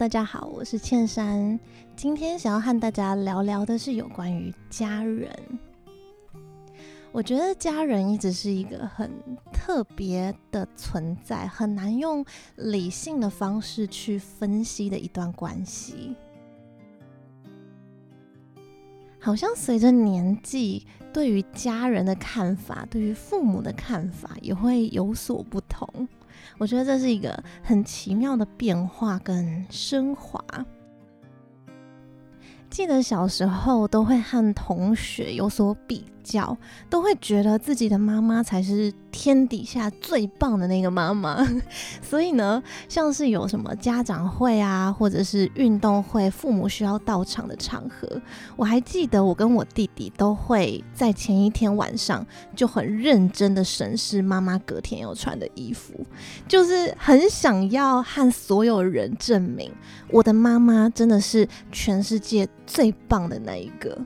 大家好，我是茜珊。今天想要和大家聊聊的是有關於家人。我覺得家人一直是一個很特別的存在，很難用理性的方式去分析的一段關係。好像隨着年紀，對於家人的看法，對於父母的看法也會有所不同。我覺得這是一個很奇妙的變化跟升華。記得小時候都會和同學有所比。叫都會覺得自己的媽媽才是天底下最棒的那個媽媽， 所以呢，像是有什麼家長會啊，或者是運動會，父母需要到場的場合，我還記得我跟我弟弟都會在前一天晚上就很認真的審視媽媽隔天要穿的衣服，就是很想要和所有人證明，我的媽媽真的是全世界最棒的那一個。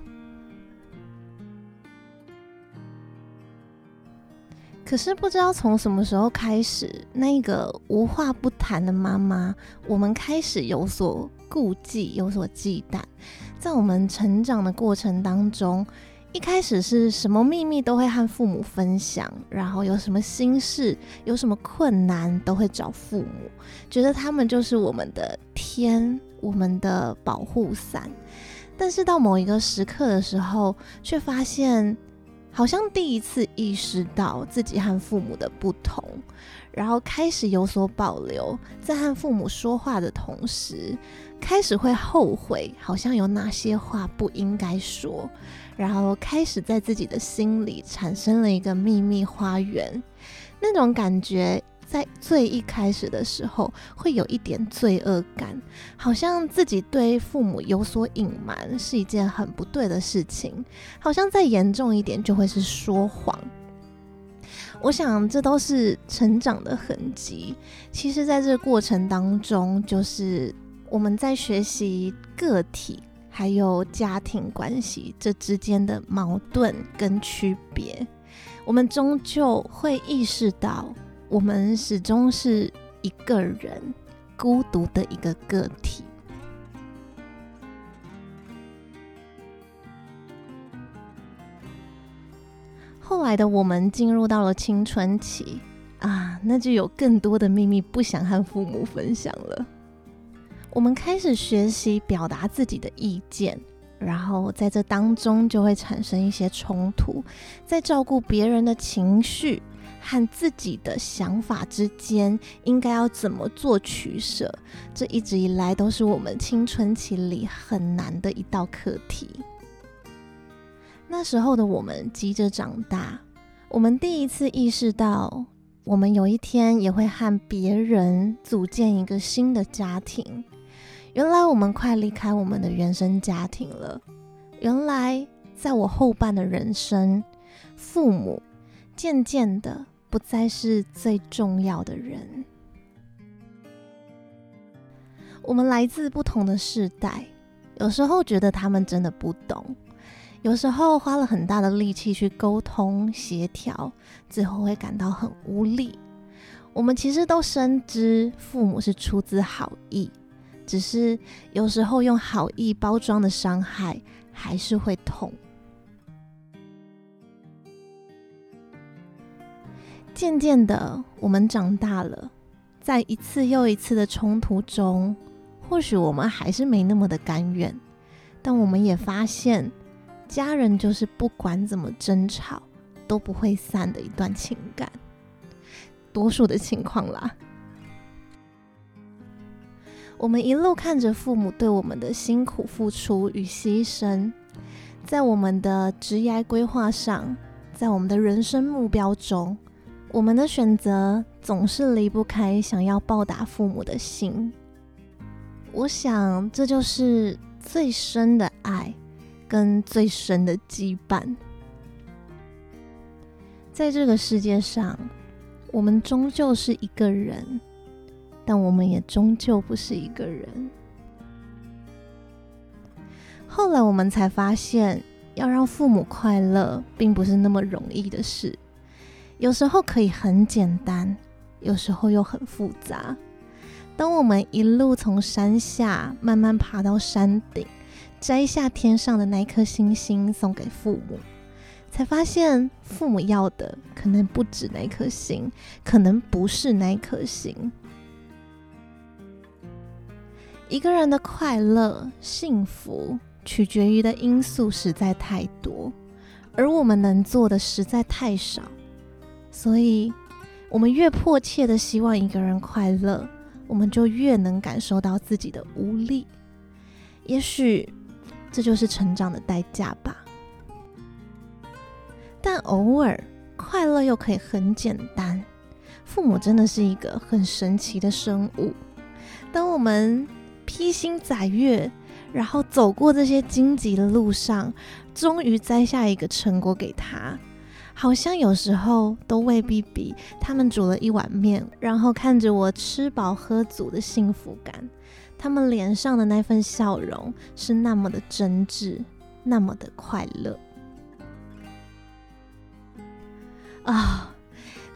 可是不知道從什麼時候開始，那個無話不談的媽媽，我們開始有所顧忌，有所忌憚。在我們成長的過程當中，一開始是什麼秘密都會和父母分享，然後有什麼心事、有什麼困難都會找父母，覺得他們就是我們的天，我們的保護傘。但是到某一個時刻的時候，卻發現，好像第一次意識到自己和父母的不同，然後開始有所保留，在和父母說話的同時，開始會後悔，好像有哪些話不應該說，然後開始在自己的心裡產生了一個秘密花園，那種感覺。在最一開始的時候，會有一點罪惡感，好像自己對父母有所隱瞞是一件很不對的事情，好像再嚴重一點就會是說謊。我想這都是成長的痕跡。其實，在這過程當中，就是我們在學習個體還有家庭關係這之間的矛盾跟區別，我們終究會意識到。我們始終是一個人，孤獨的一個個體。後來的我們進入到了青春期啊，那就有更多的秘密不想和父母分享了。我們開始學習表達自己的意見，然後在這當中就會產生一些衝突，在照顧別人的情緒和自己的想法之間應該要怎麼做取捨，這一直以來都是我們青春期裡很難的一道課題。那時候的我們急着長大，我們第一次意識到，我們有一天也會和別人組建一個新的家庭。原來我們快離開我們的原生家庭了。原來，在我後半的人生，父母漸漸的。不再是最重要的人。我們來自不同的世代，有時候覺得他們真的不懂，有時候花了很大的力氣去溝通協調，最後會感到很無力。我們其實都深知父母是出自好意，只是有時候用好意包裝的傷害還是會痛。漸漸的，我們長大了，在一次又一次的衝突中，或許我們還是沒那麼的甘願，但我們也發現，家人就是不管怎麼爭吵都不會散的一段情感，多數的情況啦。我們一路看着父母對我們的辛苦付出與犧牲，在我們的職業規劃上，在我們的人生目標中。我們的選擇總是離不開想要報答父母的心，我想這就是最深的愛，跟最深的羈絆。在這個世界上，我們終究是一個人，但我們也終究不是一個人。後來我們才發現，要讓父母快樂，並不是那麼容易的事。有時候可以很簡單，有時候又很複雜。當我們一路從山下慢慢爬到山頂，摘下天上的那顆星星送給父母，才發現父母要的可能不止那顆星，可能不是那顆星。一個人的快樂、幸福，取決於的因素實在太多，而我們能做的實在太少。所以，我們越迫切地希望一個人快樂，我們就越能感受到自己的無力。也許，這就是成長的代價吧。但偶爾，快樂又可以很簡單。父母真的是一個很神奇的生物。當我們披星戴月，然後走過這些荊棘的路上，終於摘下一個成果給他。好像有時候都未必比他們煮了一碗麵，然後看着我吃飽喝足的幸福感。他們臉上的那份笑容是那麼的真摯，那麼的快樂啊。Oh,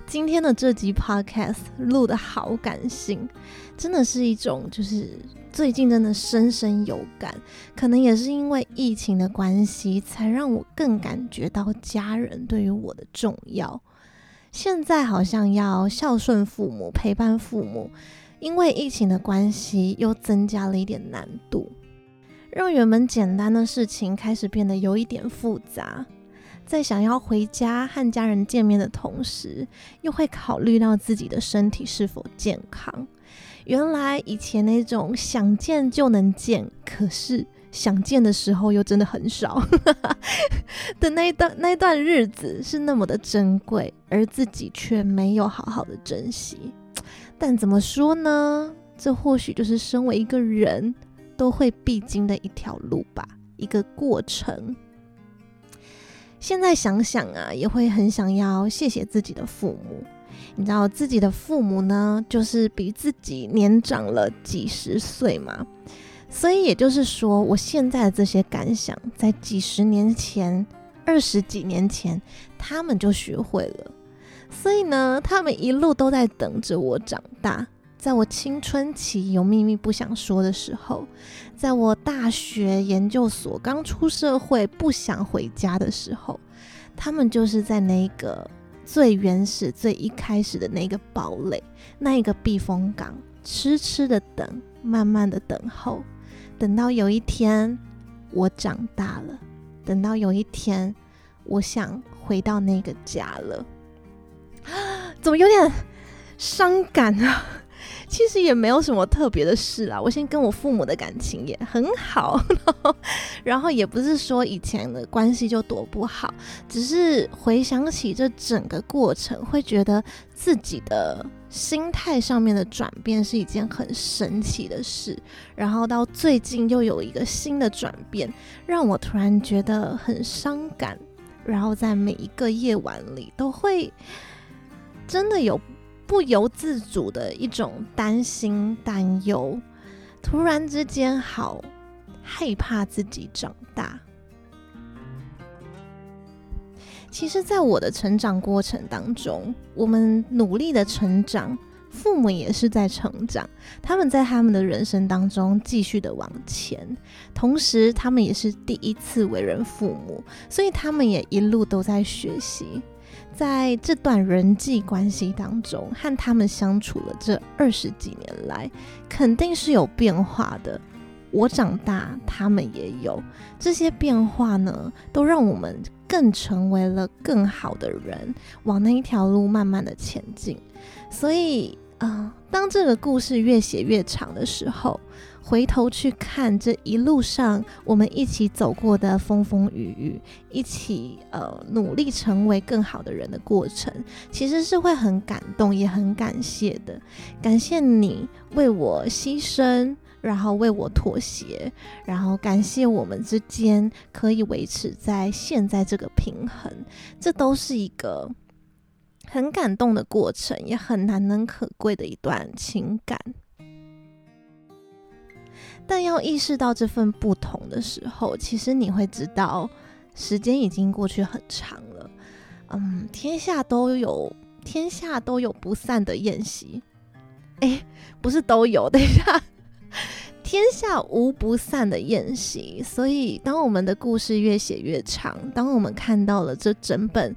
今天的這集 podcast 錄得好感性，真的是一種，就是最近真的深深有感。可能也是因為疫情的關係，才讓我更感覺到家人對於我的重要。現在好像要孝順父母、陪伴父母，因為疫情的關係，又增加了一點難度，讓原本簡單的事情開始變得有一點複雜。在想要回家和家人見面的同時，又會考慮到自己的身體是否健康。原來以前那種想見就能見，可是想見的時候又真的很少 的那一段，那一段日子是那麼的珍貴，而自己卻沒有好好的珍惜。但怎麼說呢？這或許就是身為一個人，都會必經的一條路吧，一個過程。現在想想啊，也會很想要謝謝自己的父母。你知道自己的父母呢，就是比自己年長了幾十歲嘛，所以也就是說，我現在的這些感想，在幾十年前、二十幾年前，他們就學會了。所以呢，他們一路都在等着我長大。在我青春期有祕密不想說的時候，在我大學研究所剛出社會不想回家的時候，他們就是在那個最原始、最一開始的那個堡壘、那一個避風港，痴痴的等，慢慢的等候，等到有一天我長大了，等到有一天我想回到那個家了，啊，怎麼有點傷感啊？其實也沒有什麼特別的事啦，我現在跟我父母的感情也很好，然後也不是說以前的關係就多不好，只是回想起這整個過程，會覺得自己的心態上面的轉變是一件很神奇的事。然後到最近又有一個新的轉變，讓我突然覺得很傷感，然後在每一個夜晚裡都會真的有。不由自主的一種擔心、擔憂，突然之間好害怕自己長大。其實在我的成長過程當中，我們努力的成長，父母也是在成長，他們在他們的人生當中繼續的往前，同時他們也是第一次為人父母，所以他們也一路都在學習。在這段人際關係當中，和他們相處了這二十幾年來，肯定是有變化的。我長大，他們也有這些變化呢，都讓我們更成為了更好的人，往那一條路慢慢的前進。所以，嗯、呃。當這個故事越寫越長的時候，回頭去看這一路上我們一起走過的風風雨雨，一起呃努力成為更好的人的過程，其實是會很感動也很感謝的。感謝你為我犧牲，然後為我妥協，然後感謝我們之間可以維持在現在這個平衡，這都是一個。很感動的過程，也很難能可貴的一段情感。但要意識到這份不同的時候，其實你會知道，時間已經過去很長了。嗯，天下都有，天下都有不散的宴席。誒、欸，不是都有，等一下，天下無不散的宴席。所以，當我們的故事越寫越長，當我們看到了這整本。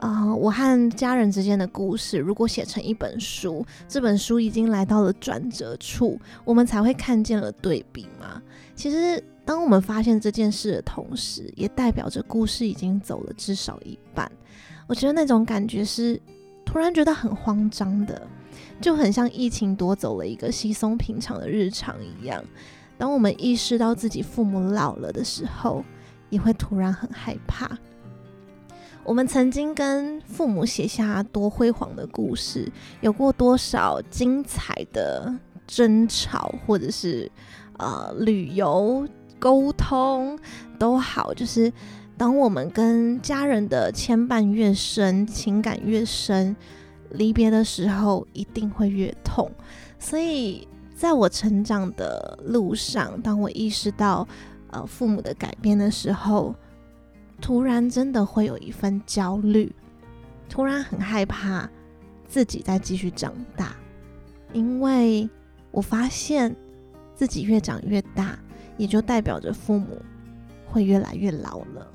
啊，uh，我和家人之間的故事，如果寫成一本書，這本書已經來到了轉折處，我們才會看見了對比嘛。其實，當我們發現這件事的同時，也代表着故事已經走了至少一半。我覺得那種感覺是突然覺得很慌張的，就很像疫情奪走了一個稀鬆平常的日常一樣。當我們意識到自己父母老了的時候，也會突然很害怕。我們曾經跟父母寫下多輝煌的故事，有過多少精彩的爭吵，或者是，呃，旅遊溝通都好，就是當我們跟家人的牽絆越深，情感越深，離別的時候一定會越痛。所以，在我成長的路上，當我意識到，呃，父母的改變的時候。突然，真的會有一份焦慮，突然很害怕自己再繼續長大，因為我發現自己越長越大，也就代表着父母會越來越老了。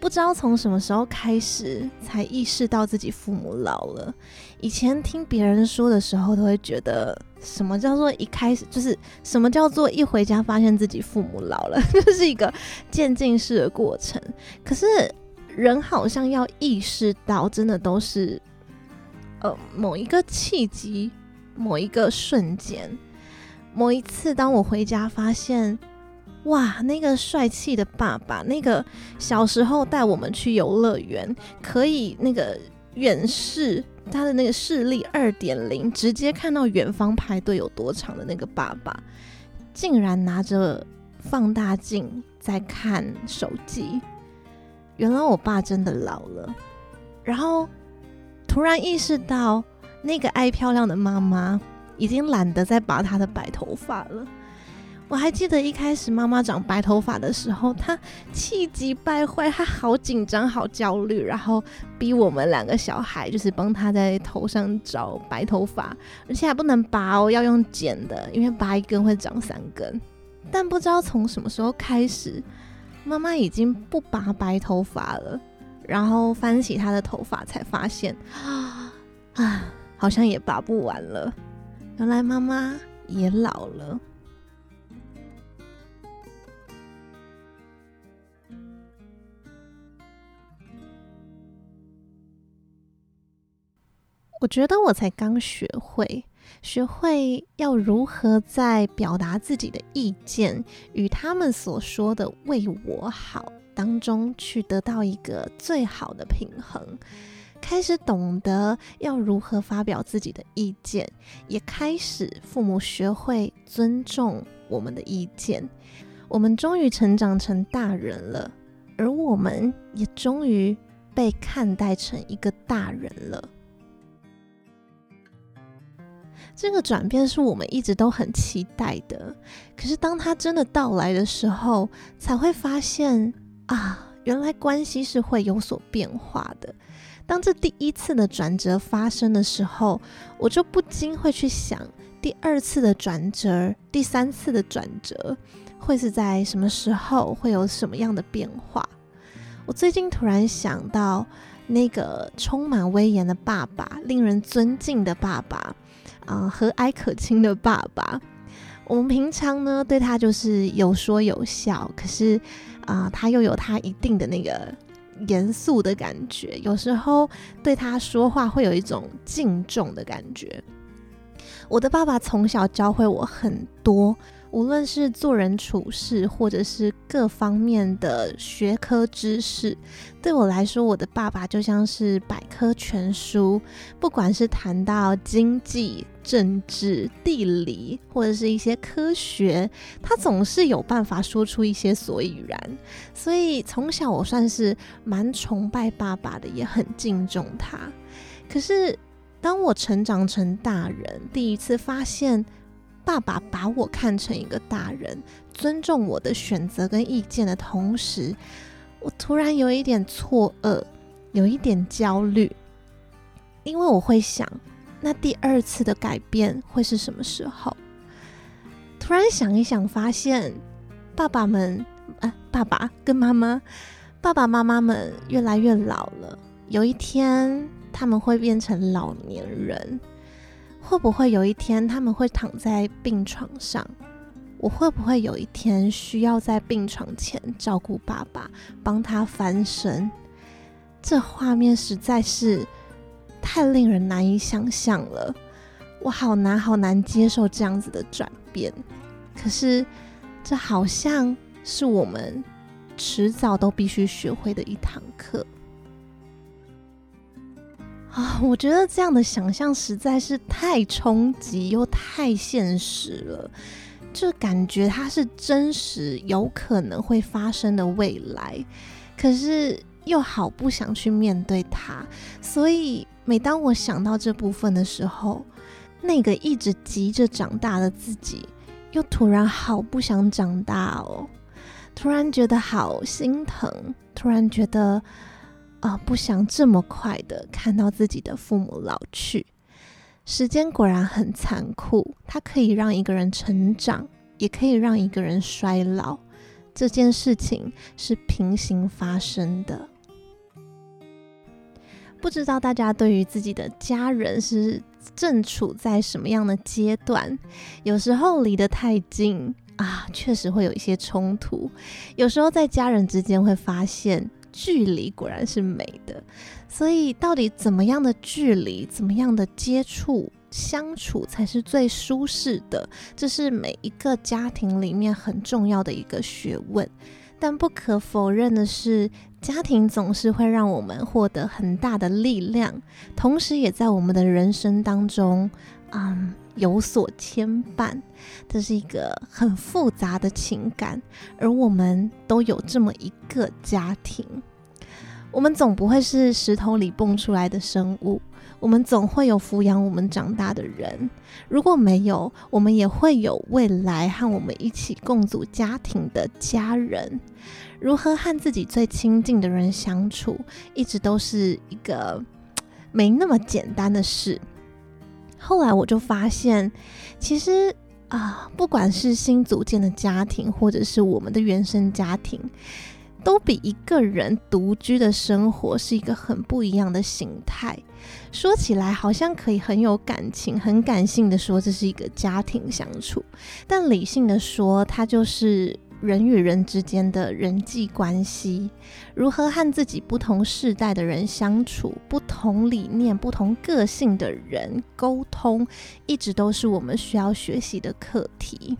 不知道從什麼時候開始，才意識到自己父母老了。以前聽別人說的時候，都會覺得什麼叫做一開始，就是什麼叫做一回家發現自己父母老了，就是一個漸進式的過程。可是人好像要意識到，真的都是呃某一個契機、某一個瞬間、某一次，當我回家發現。哇，那個帥氣的爸爸，那個小時候帶我們去遊樂園，可以那個遠視，他的那個視力二點零，直接看到遠方排隊有多長的那個爸爸，竟然拿着放大鏡在看手機。原來我爸真的老了。然後突然意識到，那個愛漂亮的媽媽，已經懶得再拔她的白頭髮了。我還記得一開始媽媽長白頭髮的時候，她氣急敗壞，她好緊張、好焦慮，然後逼我們兩個小孩就是幫她在頭上找白頭髮，而且還不能拔哦，要用剪的，因為拔一根會長三根。但不知道從什麼時候開始，媽媽已經不拔白頭髮了，然後翻起她的頭髮才發現啊啊，好像也拔不完了，原來媽媽也老了。我覺得我才剛學會，學會要如何在表達自己的意見與他們所說的“為我好”當中去得到一個最好的平衡。開始懂得要如何發表自己的意見，也開始父母學會尊重我們的意見。我們終於成長成大人了，而我們也終於被看待成一個大人了。這個轉變是我們一直都很期待的，可是當他真的到來的時候，才會發現啊，原來關係是會有所變化的。當這第一次的轉折發生的時候，我就不禁會去想，第二次的轉折、第三次的轉折會是在什麼時候，會有什麼樣的變化？我最近突然想到那個充滿威嚴的爸爸，令人尊敬的爸爸。啊，和藹可親的爸爸，我們平常呢對他就是有說有笑，可是啊、呃，他又有他一定的那個嚴肅的感覺，有時候對他說話會有一種敬重的感覺。我的爸爸從小教會我很多，無論是做人處事，或者是各方面的學科知識，對我來說，我的爸爸就像是百科全書，不管是談到經濟。政治、地理或者是一些科學，他總是有辦法說出一些所以然。所以從小我算是蠻崇拜爸爸的，也很敬重他。可是當我成長成大人，第一次發現爸爸把我看成一個大人，尊重我的選擇跟意見的同時，我突然有一點錯愕，有一點焦慮，因為我會想，那第二次的改變會是什麼時候？突然想一想，發現爸爸們，啊，爸爸跟媽媽，爸爸媽媽們越來越老了。有一天他們會變成老年人，會不會有一天他們會躺在病床上？我會不會有一天需要在病床前照顧爸爸，幫他翻身？這畫面實在是……太令人難以想象了，我好難好難接受這樣子的轉變。可是，這好像是我們遲早都必須學會的一堂課啊！Oh, 我覺得這樣的想象實在是太衝擊又太現實了，就感覺它是真實有可能會發生的未來，可是又好不想去面對它，所以。每當我想到這部分的時候，那個一直急着長大的自己，又突然好不想長大哦，突然覺得好心疼，突然覺得啊，呃，不想這麼快的看到自己的父母老去。時間果然很殘酷，它可以讓一個人成長，也可以讓一個人衰老，這件事情是平行發生的。不知道大家對於自己的家人是正處在什麼樣的階段？有時候離得太近啊，確實會有一些衝突。有時候在家人之間會發現距離果然是美的，所以到底怎麼樣的距離、怎麼樣的接觸、相處才是最舒適的？這是每一個家庭裡面很重要的一個學問。但不可否認的是，家庭總是會讓我們獲得很大的力量，同時也在我們的人生當中，嗯，有所牽絆。這是一個很複雜的情感，而我們都有這麼一個家庭，我們總不會是石頭裡蹦出來的生物。我們總會有撫養我們長大的人，如果沒有，我們也會有未來和我們一起共組家庭的家人。如何和自己最親近的人相處，一直都是一個沒那麼簡單的事。後來我就發現，其實啊，呃，不管是新組建的家庭，或者是我們的原生家庭。都比一個人獨居的生活是一個很不一樣的形態。說起來好像可以很有感情，很感性的說這是一個家庭相處，但理性的說，它就是人與人之間的人際關係。如何和自己不同世代的人相處，不同理念，不同個性的人溝通，一直都是我們需要學習的課題。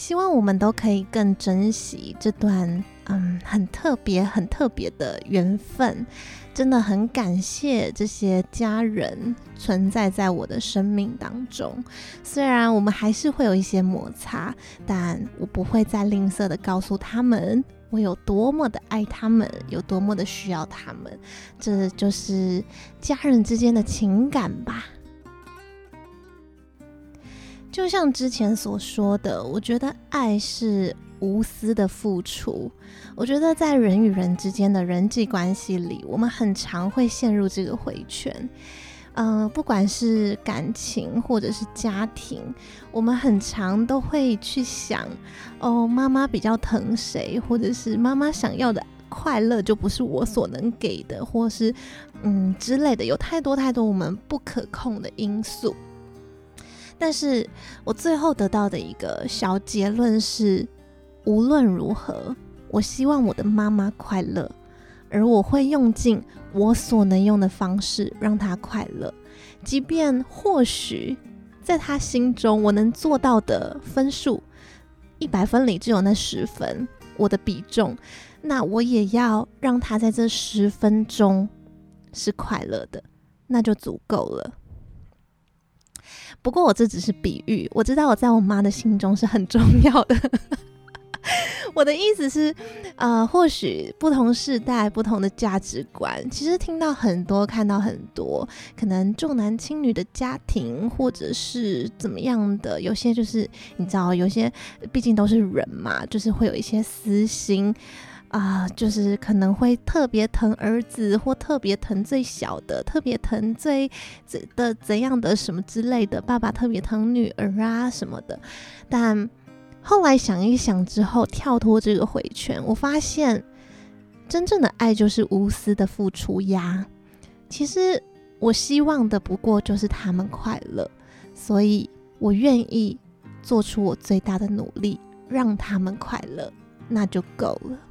希望我們都可以更珍惜這段，嗯，很特別、很特別的緣分。真的很感謝這些家人存在在我的生命當中。雖然我們還是會有一些摩擦，但我不會再吝嗇的告訴他們我有多麼的愛他們，有多麼的需要他們。這就是家人之間的情感吧。就像之前所說的，我覺得愛是無私的付出。我覺得在人與人之間的人際關係裡，我們很常會陷入這個回圈。呃，不管是感情或者是家庭，我們很常都會去想，哦，媽媽比較疼誰，或者是媽媽想要的快樂就不是我所能給的，或是，嗯，之類的，有太多太多我們不可控的因素。但是我最後得到的一個小結論是，無論如何，我希望我的媽媽快樂，而我會用盡我所能用的方式讓她快樂，即便或許在她心中我能做到的分數一百分裡只有那十分，我的比重，那我也要讓她在這十分鐘是快樂的，那就足夠了。不過我這只是比喻，我知道我在我媽的心中是很重要的。 我的意思是，呃，或許不同世代，不同的價值觀，其實聽到很多，看到很多，可能重男輕女的家庭，或者是怎麼樣的，有些就是你知道，有些畢竟都是人嘛，就是會有一些私心。啊、呃，就是可能會特別疼兒子，或特別疼最小的，特別疼最怎的怎樣的什麼之類的。爸爸特別疼女兒啊什麼的。但後來想一想之後，跳脫這個回圈，我發現真正的愛就是無私的付出呀。其實我希望的不過就是他們快樂，所以我願意做出我最大的努力，讓他們快樂，那就夠了。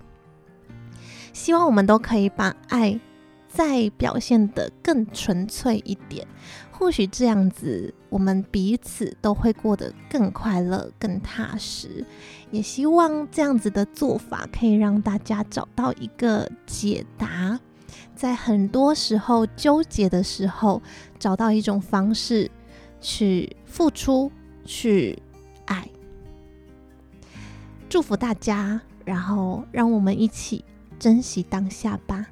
希望我們都可以把愛再表現得更純粹一點，或許這樣子，我們彼此都會過得更快樂、更踏實。也希望這樣子的做法可以讓大家找到一個解答，在很多時候糾結的時候，找到一種方式去付出、去愛。祝福大家，然後讓我們一起。珍惜當下吧。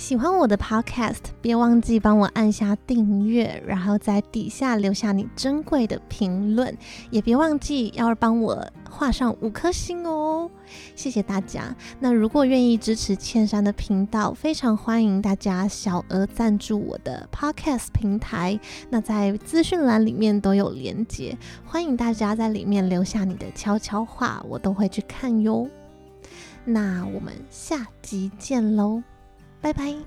喜歡我的 podcast，別忘記幫我按下訂閱，然後在底下留下你珍貴的評論，也別忘記要幫我畫上五顆星哦，謝謝大家。那如果願意支持茜珊的頻道，非常歡迎大家小額贊助我的 podcast 平台，那在資訊欄裡面都有連結，歡迎大家在裡面留下你的悄悄話，我都會去看喲。那我們下集見嘍。拜拜。